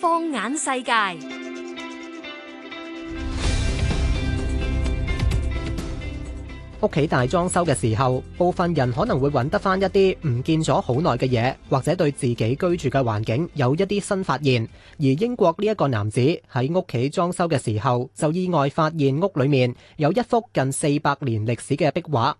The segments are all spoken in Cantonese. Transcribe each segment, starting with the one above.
放眼世界，屋企大裝修嘅時候，部分人可能會揾得翻一啲唔見咗好耐嘅嘢，或者對自己居住嘅環境有一啲新發現。而英國呢一個男子喺屋企裝修嘅時候，就意外發現屋裏面有一幅近四百年歷史嘅壁畫。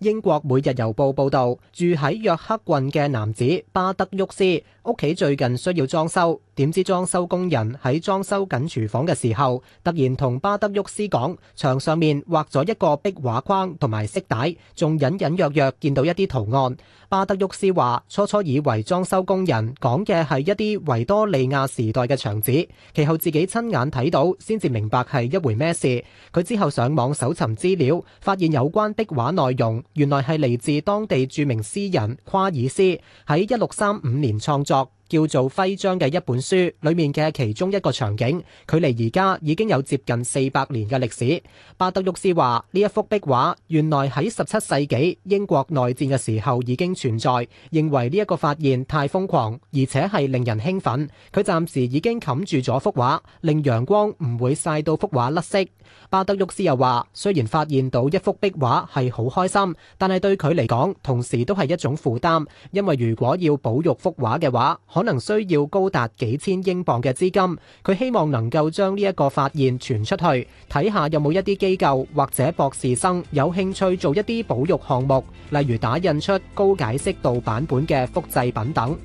英國每日郵報報道，住喺約克郡嘅男子巴德沃斯屋企最近需要裝修，點知裝修工人喺裝修緊廚房嘅時候，突然同巴德沃斯講，牆上面畫咗一個壁畫框同埋色帶，仲隱隱約約見到一啲圖案。巴德沃斯話初初以為裝修工人講嘅係一啲維多利亞時代嘅牆紙，其後自己親眼睇到，先至明白係一回咩事。佢之後上網搜尋資料，發現有關壁畫內容。原來，係嚟自當地著名詩人夸爾斯喺一六三五年創作。叫做徽章嘅一本書，裏面嘅其中一個場景，佢離而家已經有接近四百年嘅歷史。巴德沃斯話：呢一幅壁畫原來喺十七世紀英國內戰嘅時候已經存在。認為呢一個發現太瘋狂，而且係令人興奮。佢暫時已經冚住咗幅畫，令陽光唔會曬到幅畫甩色。巴德沃斯又話：雖然發現到一幅壁畫係好開心，但係對佢嚟講，同時都係一種負擔，因為如果要保育幅畫嘅話，可能需要高達幾千英鎊嘅資金，佢希望能夠將呢一個發現傳出去，睇下有冇一啲機構或者博士生有興趣做一啲保育項目，例如打印出高解釋度版本嘅複製品等。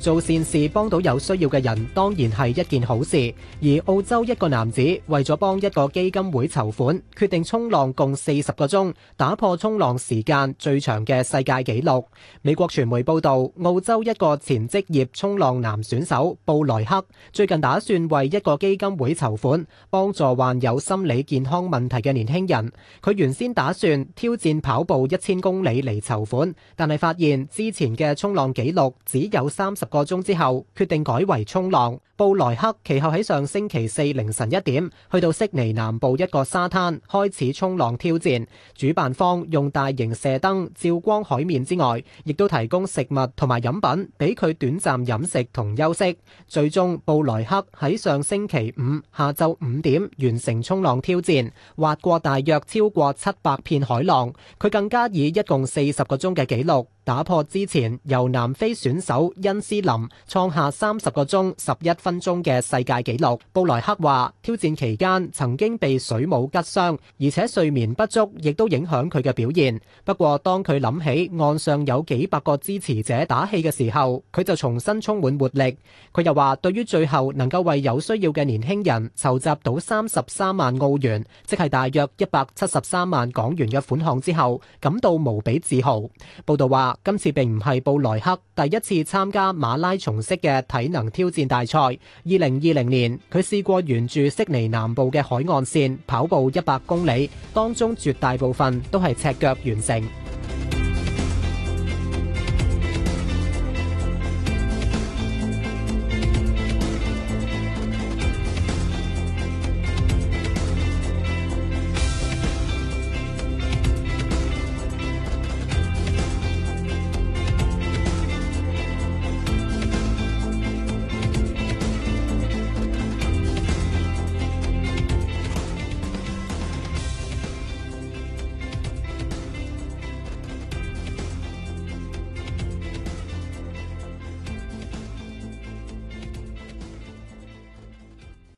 做善事幫到有需要嘅人，當然係一件好事。而澳洲一個男子為咗幫一個基金會籌款，決定衝浪共四十個鐘，打破衝浪時間最長嘅世界紀錄。美國傳媒報道，澳洲一個前職業衝浪男選手布萊克最近打算為一個基金會籌款，幫助患有心理健康問題嘅年輕人。佢原先打算挑戰跑步一千公里嚟籌款，但係發現之前嘅衝浪紀錄只有三十。個鐘之後，決定改為衝浪。布萊克其後喺上星期四凌晨一點去到悉尼南部一個沙灘開始衝浪挑戰。主辦方用大型射燈照光海面之外，亦都提供食物同埋飲品俾佢短暫飲食同休息。最終，布萊克喺上星期五下晝五點完成衝浪挑戰，划過大約超過七百片海浪。佢更加以一共四十個鐘嘅紀錄。打破之前由南非選手恩斯林創下三十個鐘十一分鐘嘅世界紀錄。布萊克話，挑戰期間曾經被水母拮傷，而且睡眠不足，亦都影響佢嘅表現。不過當佢諗起岸上有幾百個支持者打氣嘅時候，佢就重新充滿活力。佢又話對於最後能夠為有需要嘅年輕人籌集到三十三萬澳元，即係大約一百七十三萬港元嘅款項之後感到無比自豪。報道話。今次並唔係布萊克第一次參加馬拉松式嘅體能挑戰大賽。二零二零年，佢試過沿住悉尼南部嘅海岸線跑步一百公里，當中絕大部分都係赤腳完成。